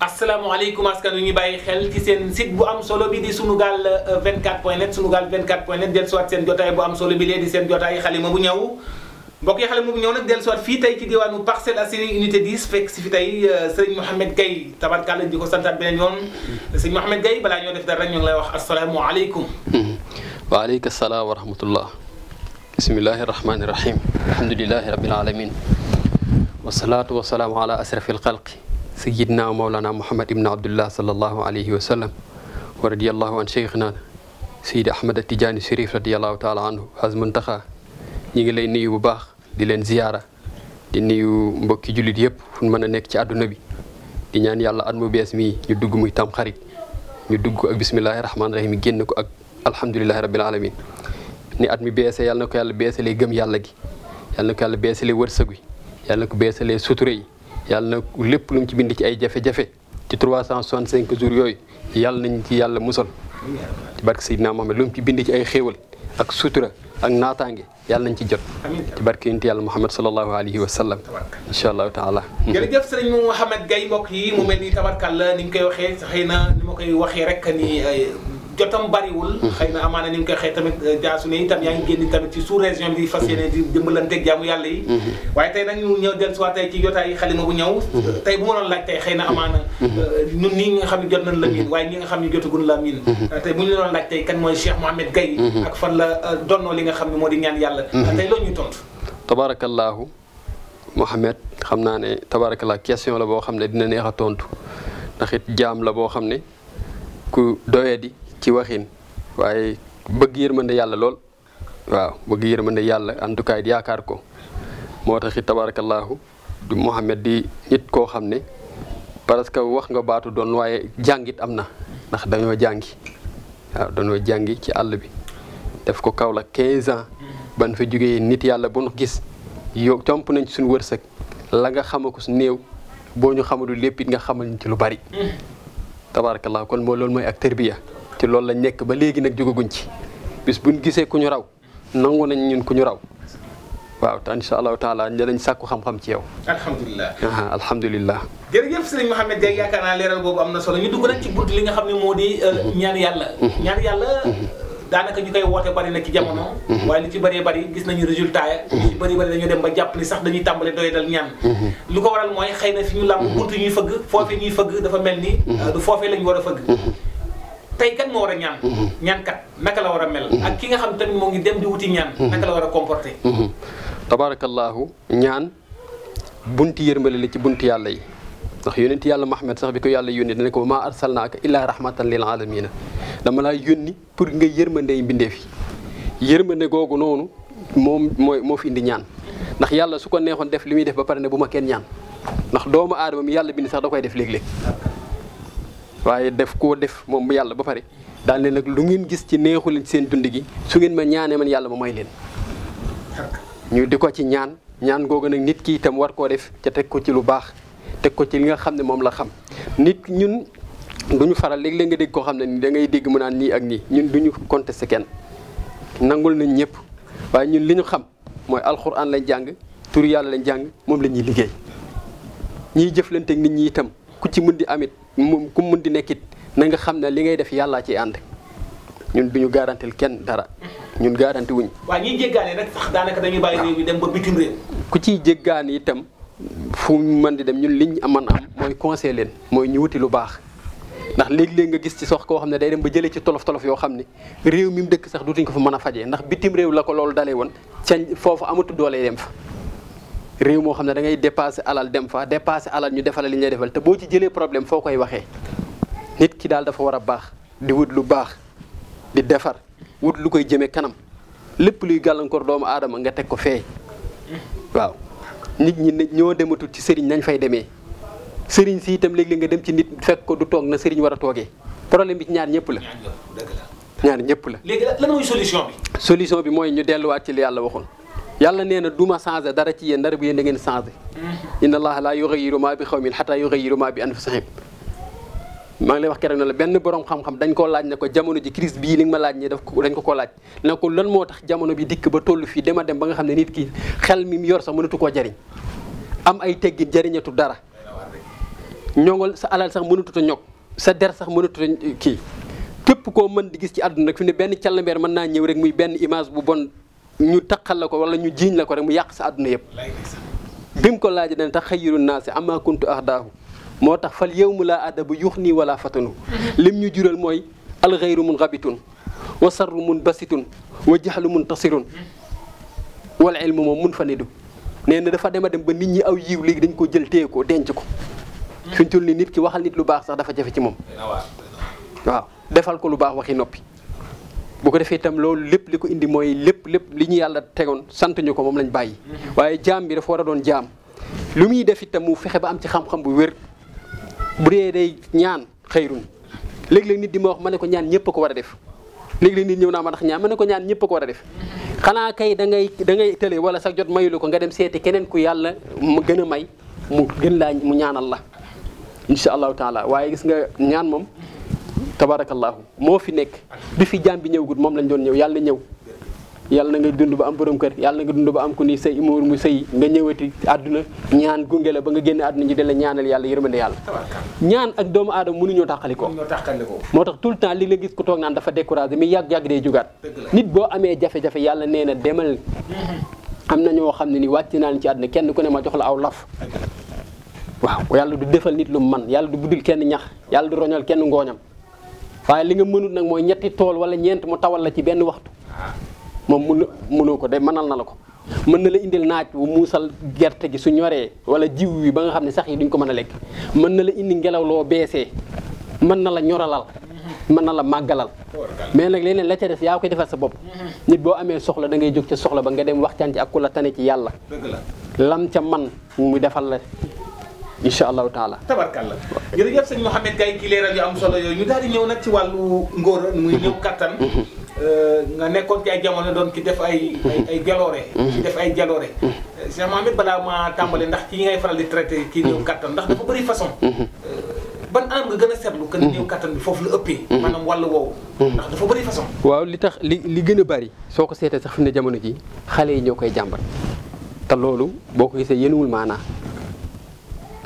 asalaamaaleykum askan wi ñu bàyyi xel ci seen bu am solo bi di sunugal 24 euh, point net sunugal 24 point net del soit seen jotaay bu am solo bi lee di seen jotaay xalima bu ñëw mbokk yi xalima bu ñëw del soit fii tey ci diwaanu Parcelles Assainies unité 10 fekk si fi tey euh, sëriñ Mouhamed Gaye tabarkàlla di ko santaat beneen yoon sëriñ Mouhamed Gaye balaa ñoo def dara rek ñu ngi lay wax asalaamualeykum waaleykum salaam wa rahmatullah bismillahi rahmaani rahim alhamdulilahi rabil alamin wasalaatu wasalaamu ala asrafi alxalqi sayidna mawlana muhammad ibn abdullah salallahu alayhi wa sallam wa radiallahu an cheikhna sayid ahmad tijaani chérif radiallahu taala anhu az muntaxa ñi ngi lay nuyu bu baax di leen ziyaara di nuyu mbokki jullit yëpp fu mën a nekk ci àdduna bi di ñaan yàlla at mu bees mi ñu dugg muy tam ñu dugg ak bisimillahi rahmaani rahim génn ko ak alhamdulilahi rabbil alamin ni at mi beesee yàlla na ko yàlla beesalee gëm yàlla gi yàlla na ko yàlla beesalee yàlla na ko beesalee sutura yi yàlla na lépp lu mu ci bind ci ay jafe-jafe ci cinq jours yooyu yàlla nañ ci yàlla musal ci barke Seydina Mohamed lu lum ci bind ci ay xéewal ak sutura ak naataange yàlla nañ ci jot ci barke yonent yàlla Muhammad sallallahu alayhi wa sallam incha allahu taala jërëjëf sëriñ Mouhamed Gaye mbokk yi mu mel koy waxee xëy na ni ma koy rek ni jotam bariwul. Mm. xëy na amaana ni mu koy xëy tamit euh, jaasu ne itam yaa ngi génn tamit ci sous région bi fas yéene di dimbalanteeg jaamu yàlla yi. Mm-hmm. waaye tey nag ñu ñëw dellusiwaat tey ci jotaay xalima bu ñëw. Mm-hmm. tey bu ma doon laaj tey xëy na amaana. Mm-hmm. Euh, ñun nii nga xam ne jot nañ la miin waaye ñi nga xam ne jotagun la miin. tey bu ñu doon laaj tey kan mooy Cheikh Mouhamed Gaye ak fan la euh, donnoo li nga xam ne moo di ñaan yàlla. tey loolu ñuy tontu. tabaarakallaahu Mouhamed xam naa ne tabaarakallaahu question la boo xam ne dina neex a tontu ndax it jaam la boo xam ne ku doyadi ci waxin waaye bëgg yërmande yàlla lool waaw bëgg yërmande yàlla en tout yaakaar ko moo tax it tabaarakallaahu du Mouhamed di nit koo xam ne parce que wax nga baatu doon waaye jàngit am na ndax dañoo jàngi waaw dañoo jàngi ci àll bi def ko kaw la 15 ans ban fa jógee nit yàlla bu nu gis yow comp nañ ci suñu wërsëg la nga xama ko su new boo ñu xamadul lépp it nga xamal ñu ci lu bari mm. tabaarakallaahu kon moo loolu mooy ak tërbiya ci loolu lañ nekk ba léegi nag jógaguñ ci bis buñ gisee ku ñu raw nangu nañ ñun ku ñu raw waaw te incha allahu taala danañ sàkku xam-xam ci yow. alhamdulilah alhamdulilah. jërëjëf sëriñ Mouhamed Dieng yaakaar naa leeral boobu am na solo ñu dugg nañ ci bunt li nga xam ne moo di euh, mm-hmm. ñaan yàlla. Mm-hmm. ñaan yàlla. Mm-hmm. daanaka ñu koy wootee bari na ci jamono. waaye li ci bari bari gis nañu résultat ya. li ci bëri bëri dañoo dem ba jàpp ni sax dañuy tàmbale doy dal ñaan. lu ko waral mooy xëy na fi ñu làmb bunt ñuy fëgg. foofee fëgg dafa mel ni. Euh, du foofee war a fëgg. tey kan moo war a ñaan. Mm-hmm. ñaankat naka la war a mel. Mm-hmm. ak ki nga xam tamit moo ngi dem di wuti ñaan. Mm-hmm. naka la war a comporter. tabaarakallaahu ñaan bunti yërmale la ci bunt yàlla yi ndax yónent yàlla Muhammad sax bi ko yàlla yónni dana ko maa arsalnaaka illaa rahmatan lil aalamiina dama laa yónni pour nga yërmandey mbindeef yi yërmande googu noonu moom mooy moo fi indi ñaan ndax yàlla su ko neexoon def li muy def ba pare ne bu ma kenn ñaan ndax doomu aadama mi yàlla bind sax da koy def léeg waaye def koo def moom yàlla ba pare daal leen nag lu ngeen gis ci neexu leen seen dund gi su ngeen ma ñaanee man yàlla ma may leen ñu di ko ci ñaan ñaan googu nag nit ki itam war koo def ca teg ko ci lu baax teg ko ci li nga xam ne moom la xam nit ñun ñu faral léeg-léeg nga dégg koo xam ne ni da ngay dégg mu naan nii ak nii ñun duñu contesté kenn nangul nañ ñëpp waaye ñun li ñu xam mooy alxuraan lañ jàng tur yàlla lañ jàng moom lañuy liggéey ñiy jëflanteeg nit ñi itam ku ci mën di amit moom ku mun di nekkit na nga xam ne li ngay def yàllaa ciy ànd ñun duñu garantil kenn dara ñun garanti wuñ. waaw ñiy jéggaane daanaka dañuy bàyyi réew dem ba bitim réew. ku ciy jéggaane itam fu mën di dem ñun liñ aman am mooy conseil leen mooy ñu lu baax ndax léeg-léeg nga gis ci sox koo xam ne day dem ba jëlee ci tolof tolof yoo xam ne réew mi mu dëkk sax dutuñ ko fa mën a fajee ndax bitim réew la ko loolu dalee woon ca foofu amatu doole dem fa. réew moo xam ne dangay ngay alal dem fa dépassé alal ñu defal li ñu lay defal te boo ci jëlee problème foo koy waxee nit ki daal dafa war a baax di wut lu baax di defar wut lu koy jëmee kanam lépp luy gàllankoor doomu aadama nga teg ko fee waaw nit ñi ñoo dematul ci sëriñ nañ fay demee sëriñ si tam léeg-léeg nga dem ci nit fekk ko du toog na sëriñ war a toogee problème bi ci ñaar ñëpp la. ñaar ñëpp la. léegi lan solution bi. solution bi mooy ñu delluwaat ci li yàlla waxoon. yàlla nee na du ma changé dara ci yéen dara bi yéen da ngeen changé a allaha laa yughayyiru maa bi xawmin xataa yughayyiru maa bi anfusihim maa ngi lay wax keroog ne la benn borom xam dañ koo laaj ne ko jamono ji crise bii ni nga ma laaj ne dañ ko koo laaj ne ko lan moo tax jamono bi dikk ba toll fii dema dem ba nga xam ne nit ki xel mi yor sax mënatu koo jariñ am ay teggin jariñatu dara ñongal sa alal sax mënatut a ñokk sa der sax mënatut a kii képp koo mën di gis ci àdduna nag fi ne benn callambeer mën naa ñëw rek muy benn image bu bon ñu taqal la ko wala ñu jiiñ la ko rek mu yàq sa àdduna yëpp bi mu ko laajee dana tax xayiru naasi ama kuntu ahdaahu moo tax fal yow mu laa adabu yux nii wala fatanu lim ñu jural mooy alxeyru mun xabitun wa sarru mun basitun wa jaxlu mun tasirun wal ilmu moom mun fa nidu nee na dafa dem a dem ba nit ñi aw yiw léegi dañ ko jël téye denc ko fi mu toll nit ki waxal nit lu baax sax dafa jafe ci moom waaw defal ko lu baax waxi noppi bu ko defee itam loolu lépp li ko indi mooy lépp lépp li ñu yàlla tegoon sant ñu ko moom lañ bàyyi. Mhm. waaye jaam bi dafa war a doon jaam. lu muy def itam mu fexe ba am ci xam-xam bu wér bu dee day ñaan xëyrun léeg-léeg nit di ma wax ma ne ko ñaan ñëpp ko war a def léeg-léeg ñëw naa ma ndax ñaan ma ne ko ñaan ñëpp ko war a def. xanaa kay da ngay da ngay tële wala sax jot mayu ko nga dem seeti keneen ku yàlla mu gën a may mu gën laa mu ñaanal la incha allahu taala waaye gis nga ñaan moom. tabaarakallaahu moo fi nekk bi fi jaam bi ñëw ñëwgut moom lañ doon ñëw yàlla ñëw yàlla na nga dund ba am borom kër yàlla na nga dund ba am ku ni say imaar mu sëy nga ñëwati àdduna ñaan gunge la ba nga génn àdduna ñi di la ñaanal yàlla yërmande yàlla ñaan ak doomu aadama mënuñoo tàqalikoo moo tax tout le temps li nga gis ku toog naan dafa découragé mi yàgg-yàgg day jugaat nit boo amee jafe-jafe yàlla nee na demal mm-hmm. am na ñoo xam ne ni wàcc naan ci àdduna kenn ku ne ma jox la aw laf waaw yàlla du defal nit lu man yàlla du buddil kenn ñax yàlla du roñal kenn ngooñam waaye li nga mënut nag mooy ñetti tool wala ñeent mu tawal la ci benn waxtu moom mënu munoo ko de mënal na la ko mën na la indil naaj bu muusal gerte gi su ñoree wala jiw wi ba nga xam ne sax yi duñ ko mën a lekk mën na la indi ngelaw loo beesee mën na la ñoralal mën na la màggalal mais nag leneen la ca des yaa koy defal sa bopp nit boo amee soxla da ngay jóg ca soxla ba nga dem waxtaan ci ak ku la tane ci yàlla lam ca man mu defal la incha allahu taala la jërëjëf sëñ Mouhamed Gaye ci leeral yu am solo yooyu ñu daal di ñëw nag ci wàllu ngóor muy ñëw kattan mhm. euh, nga nekkoon ci ay jamono doon ci def ay ay jaloore ci mhm. def ay jaloore sëñ mhm. euh, Mouhamed balaa ma tàmbale ndax ci ñi ngay faral di traité kii néew kattan ndax dafa bëri façon euh, ban anam nga gën a seetlu que néew kattan bi foofu la ëppee maanaam wàllu woowu ndax dafa bëri façon waaw li tax li li gën a bari soo ko seetee sax fi ne jamono ji xale yi ñoo koy jàmbat te loolu boo ko gisee yéenuwul maanaa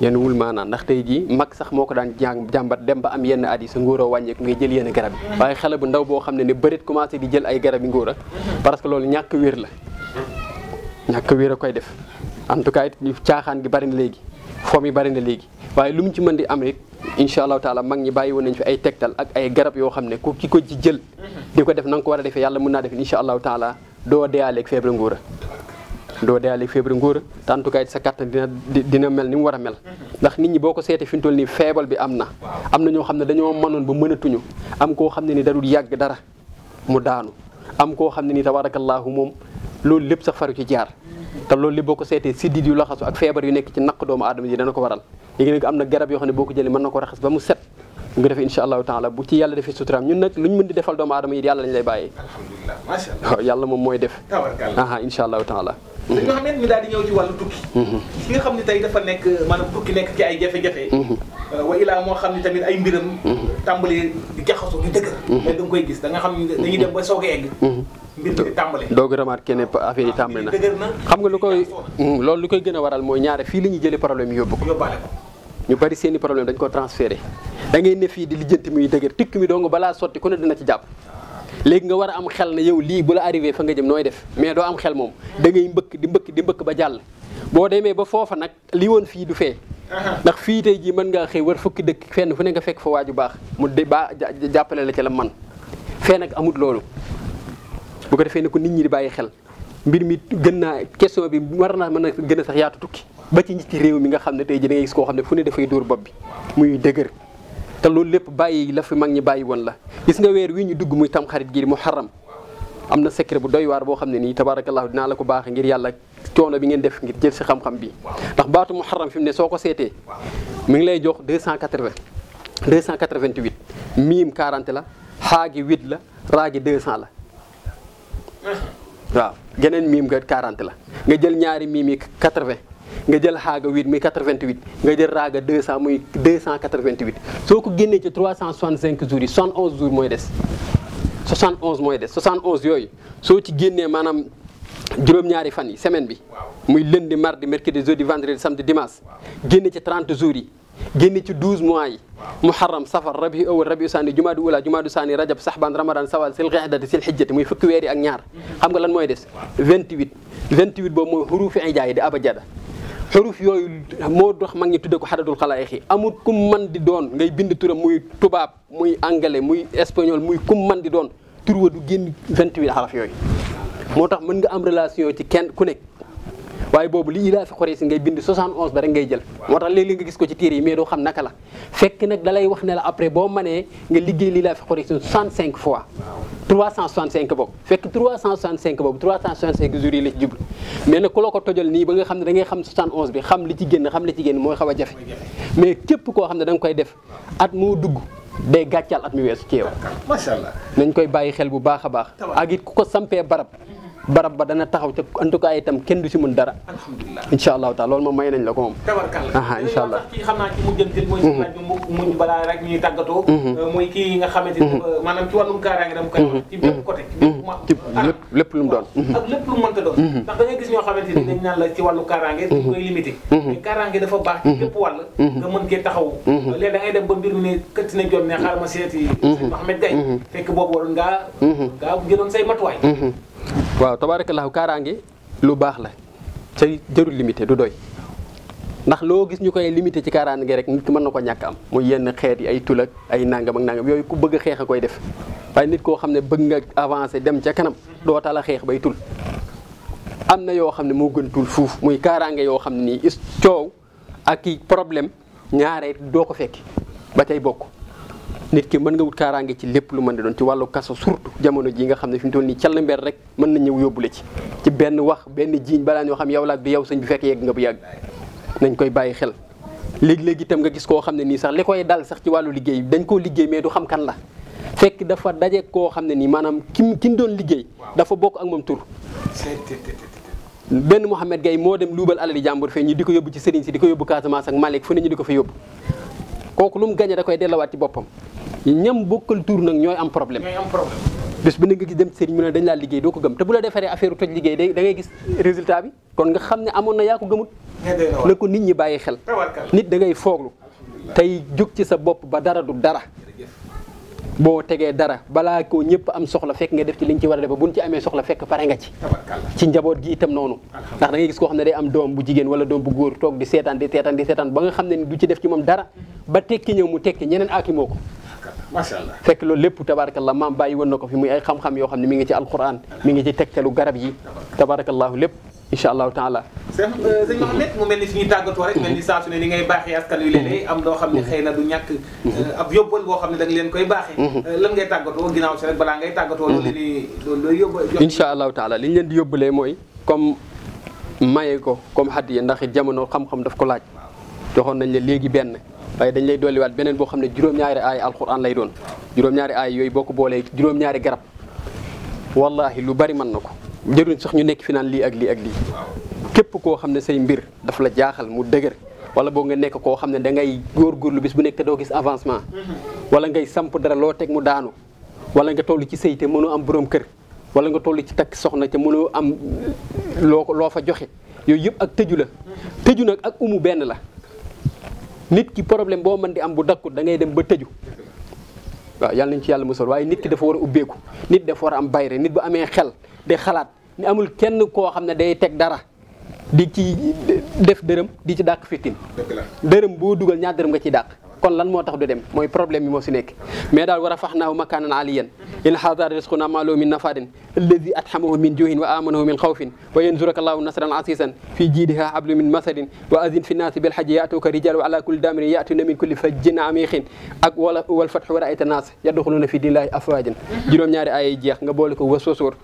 yenn wul maanaam ndax tey jii mag sax moo ko daan jàng jàmbat dem ba am yenn at yi wàññeeku ngay jël yenn garab yi waaye xale bu ndaw boo xam ne ne bërit commencé di jël ay garab yi a parce que loolu ñàkk wér la ñàkk wér a koy def en tout cas caaxaan gi bari na léegi foom yi bari na léegi waaye lu mu ci mën di am it incha allahu taala mag ñi bàyyi woon nañ fi ay tegtal ak ay garab yoo xam ne ku ki ko ci jël di ko def na ko war a defee yàlla mun naa def incha allahu taala doo deyaaleeg feebar ngóor a doo daali feebar ngóor te en tout cas dina mel ni mu war mel ndax nit ñi boo ko seetee fi mu toll nii feebal bi na am na ñoo xam ne dañoo mënoon ba mënatuñu am koo xam ne ni darul yàgg dara mu daanu am koo xam ne ni tabaarakallaahu moom loolu lépp sax faru ci jaar te loolu li boo ko seetee siddit yu feebar yu nekk ci naq doomu aadama ji dana ko waral léegi nag am na garab yoo xam ne boo ko jëlee mën na ko raxas ba mu set nga def incha allahu taala bu ci yàlla defee suturaam ñun nag lu ñu mën di defal doomu aadama yi yàlla lay bàyyee yàlla moom mooy def tabarkalla aha incha allahu taala dañoo xam ne ñu daal di ñëw ci mhm. nga xam ne tey dafa nekk maanaam tukki nekk ci ay jafe-jafe mhm. euh, wa ilaa moo xam ne tamit ay mbiram mhm. tàmbali di jaxasoo di dëgër koy gis da nga xam ne dañuy dem ba soog a egg mbir mi di tàmbale doog a remarqué ne affaire yi ah, tàmbale na xam nga lu koy loolu lu koy gën a waral mooy ñaare fii la ñuy jëlee problème yi yóbbu ko ñu bari seen i problème dañ ko transféré da ngay ne fii di lijjanti muy dëgër tukki mi dong balaa sotti ku ne dina ci jàpp léegi nga war a am xel na yow lii bu la arrivé fa nga jëm nooy def mais doo am xel moom dangay ngay mbëkk di mbëkk di mbëkk ba jàll boo demee ba foofa nag li woon fii du fee ndax fii tey jii mën ngaa xëy war fukki dëkk fenn fu ne nga fekk fa waaju baax mu de ba jàppale la ca la man fee nag amut loolu bu ko defee ne ko nit ñi di bàyyi xel mbir mi gën naa question bi war naa mën a gën a sax yaatu tukki ba ci nit ci réew mi nga xam ne tey jii da gis koo xam ne fu ne dafay dóor bopp bi muy dëgër te loolu lépp bàyyi la fi mag ñi bàyyi woon la gis nga weer wi ñu dugg muy tamxarit gi muharram am na secret bu doy waar boo xam ne nii tabaarakallaahu dinaa la ko baax ngir yàlla coono bi ngeen def ngir jël si xam-xam bi ndax baatu muharram fi mu ne soo ko seetee mu ngi lay jox 280 288 miim 40 la xaagi 8 la raagi 200 la waaw geneen miim nga 40 la nga jël ñaari miim yi 80 nga jël xaaga 8 muy 88 nga jël raaga 200 muy 288 soo ko génnee ci 365 jours yi 71 jours mooy des 71 mooy yooyu soo ci génnee maanaam juróom-ñaari fan yi semaine bi muy lundi mardi mercredi jeudi vendredi samedi dimanche génne ci 30 jours génne ci 12 mois yi muharram safar rabiu awal rabiu saani jumaadu ula jumaadu saani rajab saxbaan ramadan sawal sil xeexdati sil xijjati muy fukki weer yi ak ñaar xam ga lan mooy des 28 28 boobu mooy xuruufi ijaay di abajada xuruf yooyu moo dox mag ñi tudde ko xadadul xalaayixi amul kum man di doon ngay bind turam muy tubaab muy anglais muy espagnol muy kum man di doon tur wa du génn vingt 28 xaraf yooyu moo tax mën nga am relation ci kenn ku nekk waaye boobu li ilaa fi xoree si ngay bind 71 ba rek ngay jël moo tax léeg-léeg nga gis ko ci téere yi mais doo xam naka la fekk nag dalay wax ne la après boo manee nga liggéey li ilaa fi xoree si 65 fois 365 boobu fekk 365 boobu 365 jours yi la ci jublu mais nag ku la ko tojal nii ba nga xam ne da ngay xam 71 bi xam li ci génn xam li ci génn mooy xaw a jafe mais képp koo xam ne da nga koy def at moo dugg day gàccal at mi weesu ci yow. macha allah koy bàyyi xel bu baax a baax. ak it ku ko sampee barab. barab ba dana taxaw ca en tout cas itam kenn du si mën dara. alhamdulilah incha allahu taala loolu moom may nañ la ko moom. tabarkalla incha allah kii xam naa ci mujjantil mooy mhm. si laaj balaa rek ñuy tàggatoo. Mhm. Euh, mooy kii nga xamante ni mhm. maanaam ci wàllum kaaraange dama lépp lépp mu doon. ak xamante ni dañ naan la ci wàllu kaaraange. dañ koy dafa baax ci bépp wàll. nga mën kee taxawu. léegi da ngay dem ba ma seeti. fekk boobu waroon ngaa. ngaa jëloon say matuwaay. waaw tabaarakallaahu kaaraange lu baax la ca jëru limité du doy ndax loo gis ñu koy limité ci kaaraange rek nit ki mën na ko ñàkk am muy yenn xeet yi ay tulak ay nangam ak yooyu ku bëgg a xeex a koy def waaye nit koo xam ne bëgg nga avancé dem ca kanam doo tal a xeex bay tul am na yoo xam ne moo gën tul fuuf muy kaaraange yoo xam ni coow ak i problème ñaaree doo ko fekki ba tey bokk nit ki mën nga wut kaaraange ci lépp lu mën di doon ci wàllu kaso surtout jamono ji nga xam ne fi mu toll nii call mber rek mën na ñëw yóbbu la ci ci benn wax benn jiiñ balaa ñoo xam yow laaj bi yow sëñ bi fekk yegg nga bu yàgg koy bàyyi xel léegi-léegi nga gis koo xam ne nii sax li koy dal sax ci wàllu liggéey dañ koo liggéey mais du xam kan la fekk dafa daje koo xam ne nii maanaam kim kin doon liggéey dafa bokk ak moom tur benn Mouhamed Gaye moo dem luubal alali jàmbur fee ñu di ko yóbbu ci sëriñ si di ko yóbbu Casamance ak Malick fu ne di ko fa yóbbu kooku lu mu gañe da koy dellawaat ci boppam ñam bokkal tur nag ñooy am problème. ñooy am problème. bés bi na nga gis dem sëriñ mu ne dañ laa liggéey doo ko te bu la defaree affaire toj liggéey gis résultat bi kon nga xam ne amoon na yaa ko ko nit ñi bàyyi xel. nit da ngay fooglu. tey jóg ci sa bopp ba dara du dara. boo tegee dara balaa ko ñëpp am soxla fekk nga def ci liñ ci war a def ba buñ ci amee soxla fekk pare nga ci ci njaboot gi itam noonu ndax da ngay koo xam ne day am doom bu jigéen wala doom bu góor toog di seetaan di seetaan di seetaan ba nga xam ne du ci def ci moom dara ba tekki ñëw mu tekki ñeneen aaki ko macha allah fekk loolu lépp tabarakallah maam bàyyi woon na ko fi muy ay xam-xam yoo xam ne mu ngi ci alquran mi ngi ci tegtalu garab yi tabarakallahu lépp incha allahu taala euh, sëñ mu mel ni suñuy tàggatoo mel ni saa su ne ngay baaxee am loo xam ne mm-hmm. xëy na du ñàkk euh, ab yóbbal boo xam ne da leen koy baaxee mm-hmm. euh, lan ngay tàggatoo ginnaaw si rek balaa ngay tàggatoo loolu mm-hmm. ni loolu looy li ñu leen di yóbbalee mooy comme mayee ko comme xaddi yi ndax jamono xam-xam daf ko laaj joxoon nañ la léegi benn waaye dañ lay dolliwaat beneen boo xam ne juróom-ñaari aay alquran lay doon juróom-ñaari aay yooyu boo ko boolee juróom-ñaari garab wallahi lu bari mën na ko jëruñ sax ñu nekk fi naan lii ak lii ak lii képp koo xam ne say mbir daf la jaaxal mu dëgër wala boo nga nekk koo xam ne da ngay lu bis bu nekk te doo gis avancement wala ngay samp dara loo teg mu daanu wala nga toll ci sëy te mënoo am borom kër wala nga toll ci takk soxna te mënoo am loo loo fa joxe yooyu yëpp ak tëju la tëju nag ak umu benn la nit ki problème boo mën di am bu dakkut da ngay dem ba tëju waaw yàlla nañ ci yàlla musal waaye nit ki dafa war a ubbeeku nit dafa war a am bayre nit bu amee xel di xalaat ni amul kenn koo xam ne day teg dara di ci def dërëm di ci dàq fitin dërëm boo dugal ñaar dërëm nga ciy dàq kon lan moo tax du dem mooy problème bi moo si nekk mais daal war a fax naaw makaanan aliyan in xaadar risquna maaloo min nafaadin alladi atxamahu min juhin wa amanahu min xawfin wa yansuraka allahu nasran asisan fii jiidiha hablu min masadin wa azin fi naasi bil xaji yaatuka rijal wa ala kulli daamirin yaatuna min kulli fajjin amiqin ak wala wal fatxu wa raayta naas yadxuluna fi dinillahi afwaajan juróom-ñaari aaya jeex nga boole ko wa sosoor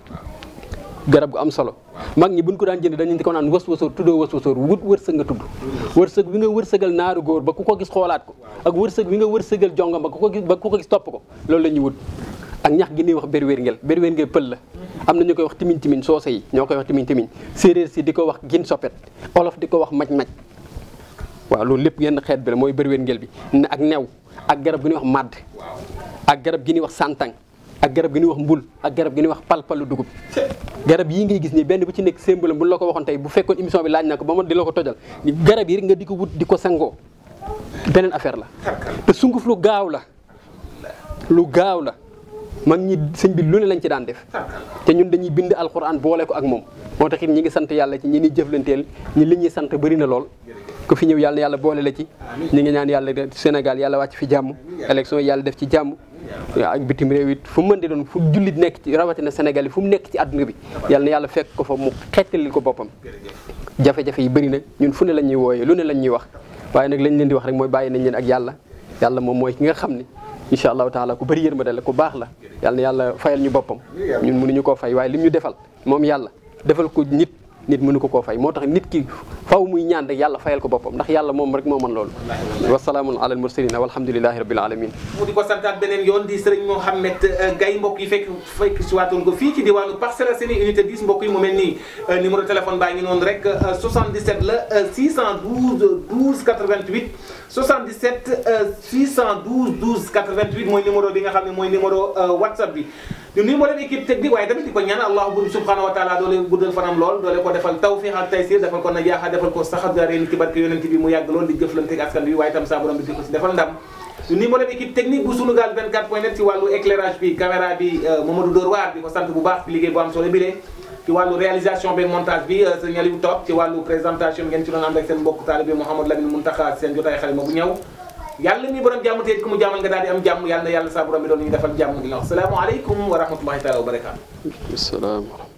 garab gu am solo mag ñi buñ ko daan jënd dañu ko naan was wasoor tuddoo was wasoor wut wërsëg nga tudd wërsëg wi nga wërsëgal naaru góor ba ku ko gis xoolaat ko ak wërsëg wi nga wërsëgal jongam ba ku ko gis ba ko gis topp ko loolu la ñuy wut ak ñax gi ñuy wax berwéer ngel berwéer ngel pël la am na ñu koy wax timin timin soose yi ñoo koy wax timin timin séeréer si di ko wax gin soppet olof di ko wax maj-maj waaw loolu lépp yenn xeet bi la mooy berwéer ngel bi ak new ak garab gi ñuy wax màdd ak garab gi ñuy wax santang ak garab gi ñuy wax mbul ak garab gi ñuy wax palpalu dugub garab yii ngay gis nii benn bu ci nekk symbole bu la ko waxoon tey bu fekkoon émission bi laaj na ko ba ma di la ko tojal garab yi rek nga di ko wut di ko sangoo beneen affaire la te sunguf lu gaaw la lu gaaw la mag ñi sëñ bi lu ne lañ ci daan def te ñun dañuy bind alxuraan boole ko ak moom moo tax it ñi ngi sant yàlla ci ñi ñuy jëflanteel ñi li ñuy sant bëri na lool ku fi ñëw yàlla yàlla boole la ci ñi ngi ñaan yàlla Sénégal yàlla wàcc fi jàmm élection yàlla def ci jàmm waaw ak bitim réew it fu mën di doon fu jullit nekk ci rawatina Sénégal yi fu mu nekk ci àdduna bi yàlla na yàlla fekk ko fa mu xettali ko boppam jafe-jafe yi bëri na ñun fu ne la ñuy wooyee lu ne lañ ñuy wax waaye nag lañ leen di wax rek mooy bàyyi nañ leen ak yàlla yàlla moom mooy ki nga xam ne incha allahu taala ku bëri yërmande la ko baax la yàlla na yàlla fayal ñu boppam ñun mënuñu koo fay waaye lim ñu defal moom yàlla defal ko nit nit mënu ko koo fay moo tax nit ki faw muy ñaan rek yàlla fayal ko boppam dax yàlla moom rek moo mën loolu wasalaamun alal mursalin walhamdulilahi rabbil alamin mu di ko santaat beneen yoon di sëriñ Mouhamed euh, Gaye mbokk yi fekk fekk si waatoon ko fii ci diwaanu Parcelles Assainies unité 10 mbokk yi mu mel nii euh, numéro téléphone baa ngi noonu rek 77 euh, la 612 12 88 77 612 12 88 mooy numéro bi nga xam ne mooy numéro euh, WhatsApp bi. du numéro d'équipe technique waaye tamit di ko ñaan allahu buur subhanahu wa taala doole guddal fanam lool doole ko defal tawfiq ak taysir defal ko najaaxa defal ko saxat ga réen ci barke yonent defal ndam du numéro d'équipe technique bu Sunugal 24 point net ci wàllu éclairage bi caméra bi euh, Mamadou Dóor waar di ko sant bu baax ci wàllu réalisation bi montage bi euh, sëñ Aliou Top ci wàllu présentation bi ngeen ci doon ànd ak seen mbokk taalibe Mouhamadou xalima bu ñëw yàlla mi borom borom bi doon ñu defal jàmm gi nga wax salaamaaleykum wa rahmatullahi taala